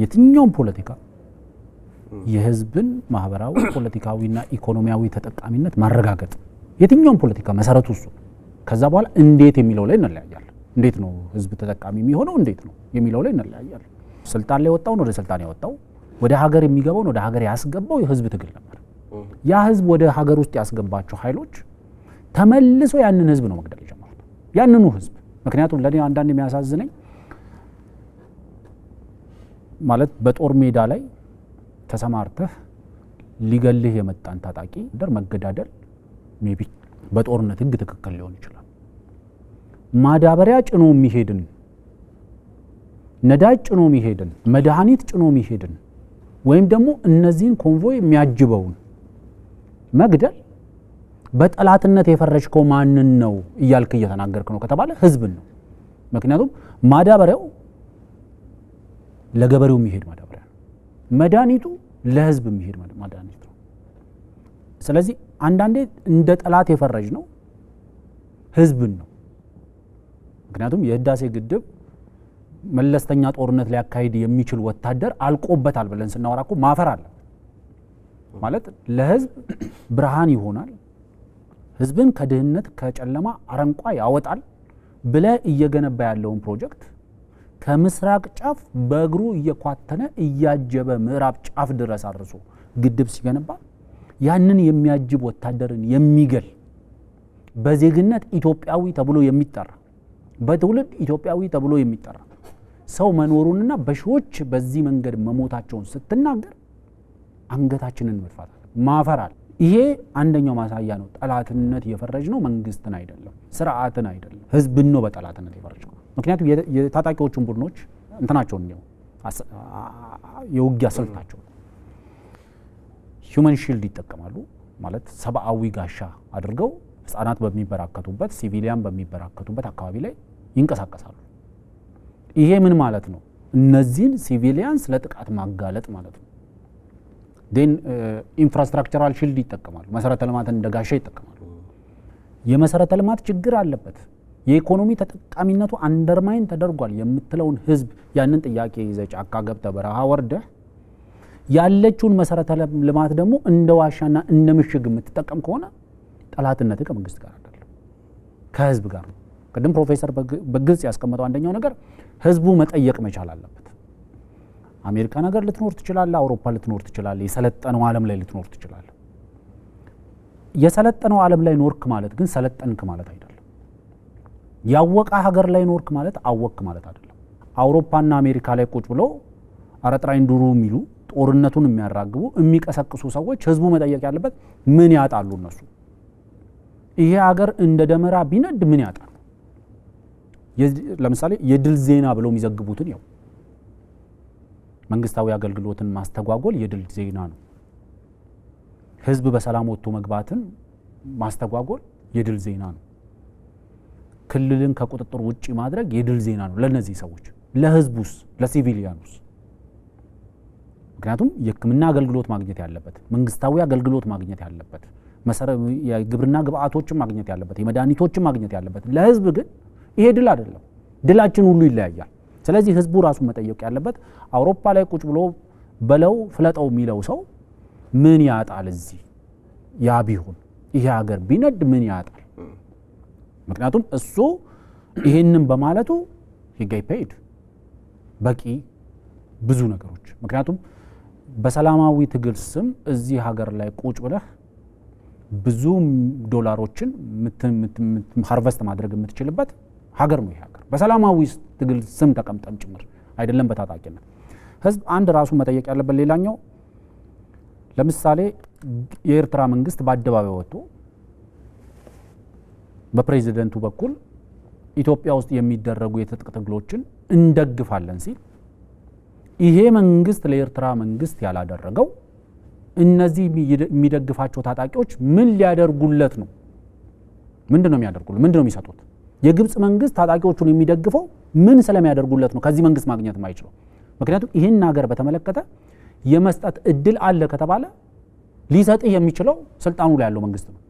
የትኛውም ፖለቲካ የህዝብን ማህበራዊ፣ ፖለቲካዊና ኢኮኖሚያዊ ተጠቃሚነት ማረጋገጥ የትኛውም ፖለቲካ መሰረቱ እሱ። ከዛ በኋላ እንዴት የሚለው ላይ እንለያያለን። እንዴት ነው ህዝብ ተጠቃሚ የሚሆነው እንዴት ነው የሚለው ላይ እንለያያለን። ስልጣን ላይ ወጣውን ወደ ስልጣን ያወጣው ወደ ሀገር የሚገባውን ወደ ሀገር ያስገባው የህዝብ ትግል ነበር። ያ ህዝብ ወደ ሀገር ውስጥ ያስገባቸው ኃይሎች ተመልሶ ያንን ህዝብ ነው መግደል የጀመሩት፣ ያንኑ ህዝብ። ምክንያቱም ለእኔ አንዳንድ የሚያሳዝነኝ ማለት በጦር ሜዳ ላይ ተሰማርተህ ሊገልህ የመጣን ታጣቂ ደር መገዳደል ሜቢ በጦርነት ህግ ትክክል ሊሆን ይችላል። ማዳበሪያ ጭኖ የሚሄድን ነዳጅ ጭኖ የሚሄድን መድኃኒት ጭኖ የሚሄድን ወይም ደግሞ እነዚህን ኮንቮይ የሚያጅበውን መግደል በጠላትነት የፈረጅከው ማንን ነው እያልክ እየተናገርክ ነው ከተባለ ህዝብን ነው። ምክንያቱም ማዳበሪያው ለገበሬው የሚሄድ ማዳበሪያ ነው። መድኃኒቱ ለህዝብ የሚሄድ መድኃኒት ነው። ስለዚህ አንዳንዴ እንደ ጠላት የፈረጅ ነው ህዝብን ነው። ምክንያቱም የህዳሴ ግድብ መለስተኛ ጦርነት ሊያካሂድ የሚችል ወታደር አልቆበታል ብለን ስናወራ እኮ ማፈር አለ ማለት ለህዝብ ብርሃን ይሆናል፣ ህዝብን ከድህነት ከጨለማ አረንቋ ያወጣል ብለ እየገነባ ያለውን ፕሮጀክት ከምስራቅ ጫፍ በእግሩ እየኳተነ እያጀበ ምዕራብ ጫፍ ድረስ አድርሶ ግድብ ሲገነባ ያንን የሚያጅብ ወታደርን የሚገል በዜግነት ኢትዮጵያዊ ተብሎ የሚጠራ በትውልድ ኢትዮጵያዊ ተብሎ የሚጠራ ሰው መኖሩንና በሺዎች በዚህ መንገድ መሞታቸውን ስትናገር አንገታችንን መድፋት ማፈራል። ይሄ አንደኛው ማሳያ ነው። ጠላትነት የፈረጅ ነው መንግስትን አይደለም፣ ስርዓትን አይደለም፣ ህዝብን ነው በጠላትነት የፈረጅ ነው። ምክንያቱም የታጣቂዎቹን ቡድኖች እንትናቸው ነው የውጊያ ስልታቸው ሂውመን ሺልድ ይጠቀማሉ ማለት ሰብአዊ ጋሻ አድርገው ህጻናት በሚበራከቱበት ሲቪሊያን በሚበራከቱበት አካባቢ ላይ ይንቀሳቀሳሉ። ይሄ ምን ማለት ነው? እነዚህን ሲቪሊያንስ ለጥቃት ማጋለጥ ማለት ነው። ን ኢንፍራስትራክቸራል ሺልድ ይጠቀማሉ። መሰረተ ልማትን እንደ ጋሻ ይጠቀማሉ። የመሰረተ ልማት ችግር አለበት የኢኮኖሚ ተጠቃሚነቱ አንደርማይን ተደርጓል የምትለውን ህዝብ ያንን ጥያቄ ይዘ ጫካ ገብተ በረሃ ወርደህ ያለችውን መሰረተ ልማት ደግሞ እንደ ዋሻና እንደ ምሽግ የምትጠቀም ከሆነ ጠላትነት ከመንግስት ጋር አይደለም፣ ከህዝብ ጋር ነው። ቅድም ፕሮፌሰር በግልጽ ያስቀመጠው አንደኛው ነገር ህዝቡ መጠየቅ መቻል አለበት። አሜሪካ ነገር ልትኖር ትችላለ፣ አውሮፓ ልትኖር ትችላለ፣ የሰለጠነው ዓለም ላይ ልትኖር ትችላለ። የሰለጠነው ዓለም ላይ ኖርክ ማለት ግን ሰለጠንክ ማለት አይደለም። ያወቀ ሀገር ላይ ኖርክ ማለት አወቅክ ማለት አይደለም። አውሮፓና አሜሪካ ላይ ቁጭ ብሎ አረጥራይን ዱሩ የሚሉ ጦርነቱን የሚያራግቡ የሚቀሰቅሱ ሰዎች ህዝቡ መጠየቅ ያለበት ምን ያጣሉ እነሱ? ይሄ ሀገር እንደ ደመራ ቢነድ ምን ያጣሉ? ለምሳሌ የድል ዜና ብለው የሚዘግቡትን ያው መንግስታዊ አገልግሎትን ማስተጓጎል የድል ዜና ነው። ህዝብ በሰላም ወጥቶ መግባትን ማስተጓጎል የድል ዜና ነው። ክልልን ከቁጥጥር ውጭ ማድረግ የድል ዜና ነው ለእነዚህ ሰዎች። ለህዝቡስ? ለሲቪሊያኑስ? ምክንያቱም የህክምና አገልግሎት ማግኘት ያለበት፣ መንግስታዊ አገልግሎት ማግኘት ያለበት፣ የግብርና ግብአቶችን ማግኘት ያለበት፣ የመድኃኒቶችን ማግኘት ያለበት። ለህዝብ ግን ይሄ ድል አይደለም። ድላችን ሁሉ ይለያያል። ስለዚህ ህዝቡ ራሱ መጠየቅ ያለበት አውሮፓ ላይ ቁጭ ብሎ በለው ፍለጠው የሚለው ሰው ምን ያጣል? እዚህ ያ ቢሆን ይሄ ሀገር ቢነድ ምን ያጣል? ምክንያቱም እሱ ይህንን በማለቱ ሂጋይ ፔይድ በቂ ብዙ ነገሮች ምክንያቱም በሰላማዊ ትግል ስም እዚህ ሀገር ላይ ቁጭ ብለህ ብዙ ዶላሮችን ሀርቨስት ማድረግ የምትችልበት ሀገር ነው። ይ ሀገር በሰላማዊ ትግል ስም ተቀምጠም ጭምር አይደለም በታጣቂነት ህዝብ አንድ ራሱ መጠየቅ ያለበት ሌላኛው ለምሳሌ የኤርትራ መንግስት በአደባባይ ወጥቶ በፕሬዚደንቱ በኩል ኢትዮጵያ ውስጥ የሚደረጉ የትጥቅ ትግሎችን እንደግፋለን ሲል ይሄ መንግስት ለኤርትራ መንግስት ያላደረገው እነዚህ የሚደግፋቸው ታጣቂዎች ምን ሊያደርጉለት ነው? ምንድን ነው የሚያደርጉለት? ምንድን ነው የሚሰጡት? የግብፅ መንግስት ታጣቂዎቹን የሚደግፈው ምን ስለሚያደርጉለት ነው? ከዚህ መንግስት ማግኘት ማይችለው? ምክንያቱም ይህን ሀገር በተመለከተ የመስጠት እድል አለ ከተባለ ሊሰጥህ የሚችለው ስልጣኑ ላይ ያለው መንግስት ነው።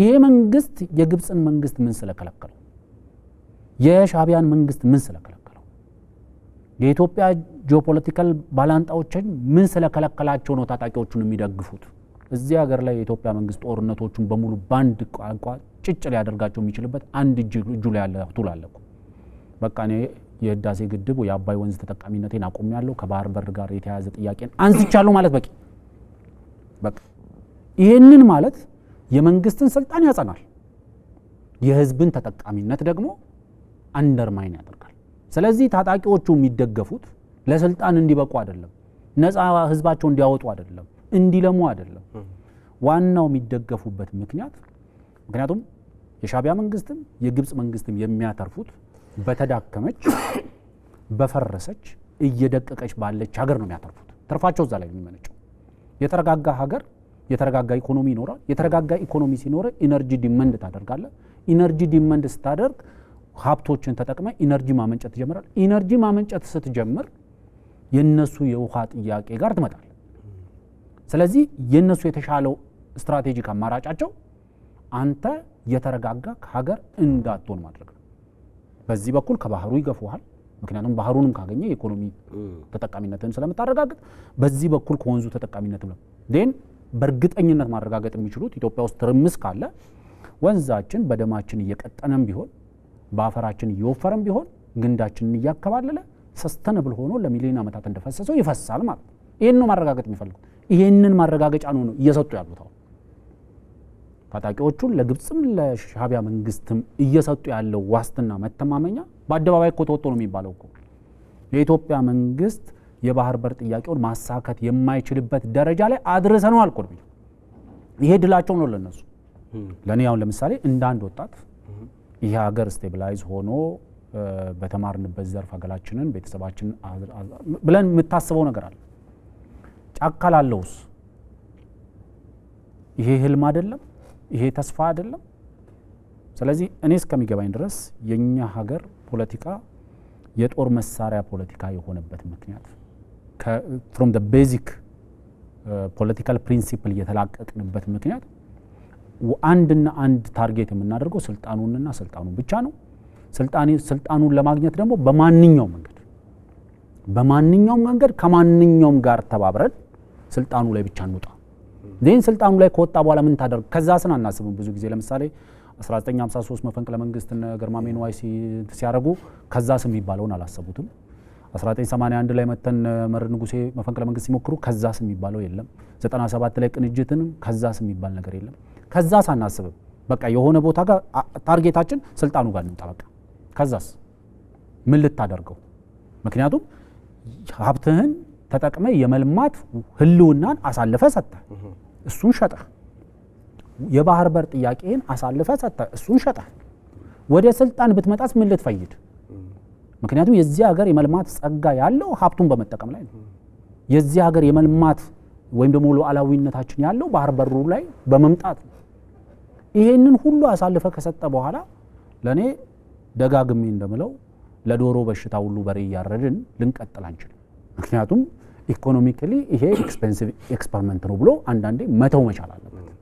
ይሄ መንግስት የግብፅን መንግስት ምን ስለከለከለው? የሻቢያን መንግስት ምን ስለከለከለው? የኢትዮጵያ ጂኦፖለቲካል ባላንጣዎችን ምን ስለከለከላቸው ነው ታጣቂዎቹን የሚደግፉት? እዚህ ሀገር ላይ የኢትዮጵያ መንግስት ጦርነቶቹን በሙሉ በአንድ ቋንቋ ጭጭ ሊያደርጋቸው የሚችልበት አንድ እጁ ላይ ያለ ቱል አለ እኮ። በቃ እኔ የህዳሴ ግድቡ የአባይ ወንዝ ተጠቃሚነቴን ያለው ከባህር በር ጋር የተያያዘ ጥያቄን አንስቻለሁ ማለት በቂ በቃ ይህንን ማለት የመንግስትን ስልጣን ያጸናል፣ የህዝብን ተጠቃሚነት ደግሞ አንደርማይን ያደርጋል። ስለዚህ ታጣቂዎቹ የሚደገፉት ለስልጣን እንዲበቁ አይደለም፣ ነፃ ህዝባቸው እንዲያወጡ አይደለም፣ እንዲለሙ አይደለም። ዋናው የሚደገፉበት ምክንያት ምክንያቱም የሻቢያ መንግስትም የግብፅ መንግስትም የሚያተርፉት በተዳከመች በፈረሰች እየደቀቀች ባለች ሀገር ነው የሚያተርፉት። ትርፋቸው እዛ ላይ የሚመነጨው የተረጋጋ ሀገር የተረጋጋ ኢኮኖሚ ይኖራል። የተረጋጋ ኢኮኖሚ ሲኖር ኢነርጂ ዲመንድ ታደርጋለ። ኢነርጂ ዲመንድ ስታደርግ ሀብቶችን ተጠቅመ ኢነርጂ ማመንጨት ትጀምራል። ኢነርጂ ማመንጨት ስትጀምር የነሱ የውሃ ጥያቄ ጋር ትመጣል። ስለዚህ የነሱ የተሻለው ስትራቴጂክ አማራጫቸው አንተ የተረጋጋ ከሀገር እንዳትሆን ማድረግ ነው። በዚህ በኩል ከባህሩ ይገፉሃል። ምክንያቱም ባህሩንም ካገኘ የኢኮኖሚ ተጠቃሚነትን ስለምታረጋግጥ፣ በዚህ በኩል ከወንዙ ተጠቃሚነትም ነው በእርግጠኝነት ማረጋገጥ የሚችሉት ኢትዮጵያ ውስጥ ትርምስ ካለ ወንዛችን በደማችን እየቀጠነም ቢሆን በአፈራችን እየወፈረም ቢሆን ግንዳችንን እያከባለለ ሰስተነብል ሆኖ ለሚሊዮን ዓመታት እንደፈሰሰው ይፈሳል ማለት ነው። ይህን ነው ማረጋገጥ የሚፈልጉት። ይህንን ማረጋገጫ ነው ነው እየሰጡ ያሉት አሁን ታጣቂዎቹን ለግብፅም ለሻቢያ መንግስትም እየሰጡ ያለው ዋስትና መተማመኛ በአደባባይ እኮ ተወጥቶ ነው የሚባለው እኮ የኢትዮጵያ መንግስት የባህር በር ጥያቄውን ማሳካት የማይችልበት ደረጃ ላይ አድርሰነዋል። ኮርቢ ይሄ ድላቸው ነው ለነሱ። ለእኔ አሁን ለምሳሌ እንደ አንድ ወጣት ይሄ ሀገር ስቴብላይዝ ሆኖ በተማርንበት ዘርፍ ሀገራችንን ቤተሰባችንን ብለን የምታስበው ነገር አለ። ጫካ ላለውስ ይሄ ህልም አይደለም፣ ይሄ ተስፋ አይደለም። ስለዚህ እኔ እስከሚገባኝ ድረስ የእኛ ሀገር ፖለቲካ የጦር መሳሪያ ፖለቲካ የሆነበት ምክንያት ፍሮም ቤዚክ ፖለቲካል ፕሪንሲፕል እየተላቀቅንበት ምክንያት አንድና አንድ ታርጌት የምናደርገው ስልጣኑንና ስልጣኑን ብቻ ነው። ስልጣኑን ለማግኘት ደግሞ በማንኛውም መንገድ በማንኛውም መንገድ ከማንኛውም ጋር ተባብረን ስልጣኑ ላይ ብቻ እንውጣ። ይህን ስልጣኑ ላይ ከወጣ በኋላ ምን ታደርግ? ከዛ ስን አናስብም። ብዙ ጊዜ ለምሳሌ 1953 መፈንቅለ መንግስት እነ ግርማሜ ንዋይ ሲያደርጉ ከዛ ስም የሚባለውን አላሰቡትም። 1981 ላይ መተን መር ንጉሴ መፈንቅለ መንግስት ሲሞክሩ ከዛስ የሚባለው የለም። 97 ላይ ቅንጅትንም ከዛስ የሚባል ነገር የለም። ከዛስ አናስብም። በቃ የሆነ ቦታ ጋር ታርጌታችን ስልጣኑ ጋር እንምጣ። በቃ ከዛስ ምን ልታደርገው? ምክንያቱም ሀብትህን ተጠቅመ የመልማት ህልውናን አሳልፈ ሰጠ፣ እሱን ሸጠ። የባህር በር ጥያቄህን አሳልፈ ሰጠ፣ እሱን ሸጠ። ወደ ስልጣን ብትመጣስ ምን ልትፈይድ ምክንያቱም የዚህ ሀገር የመልማት ጸጋ ያለው ሀብቱን በመጠቀም ላይ ነው። የዚህ ሀገር የመልማት ወይም ደግሞ ሉዓላዊነታችን ያለው ባህር በሩ ላይ በመምጣት ነው። ይሄንን ሁሉ አሳልፈ ከሰጠ በኋላ ለእኔ ደጋግሜ እንደምለው ለዶሮ በሽታ ሁሉ በሬ እያረድን ልንቀጥል አንችልም። ምክንያቱም ኢኮኖሚካሊ ይሄ ኤክስፐንሲቭ ኤክስፐሪመንት ነው ብሎ አንዳንዴ መተው መቻል አለበት።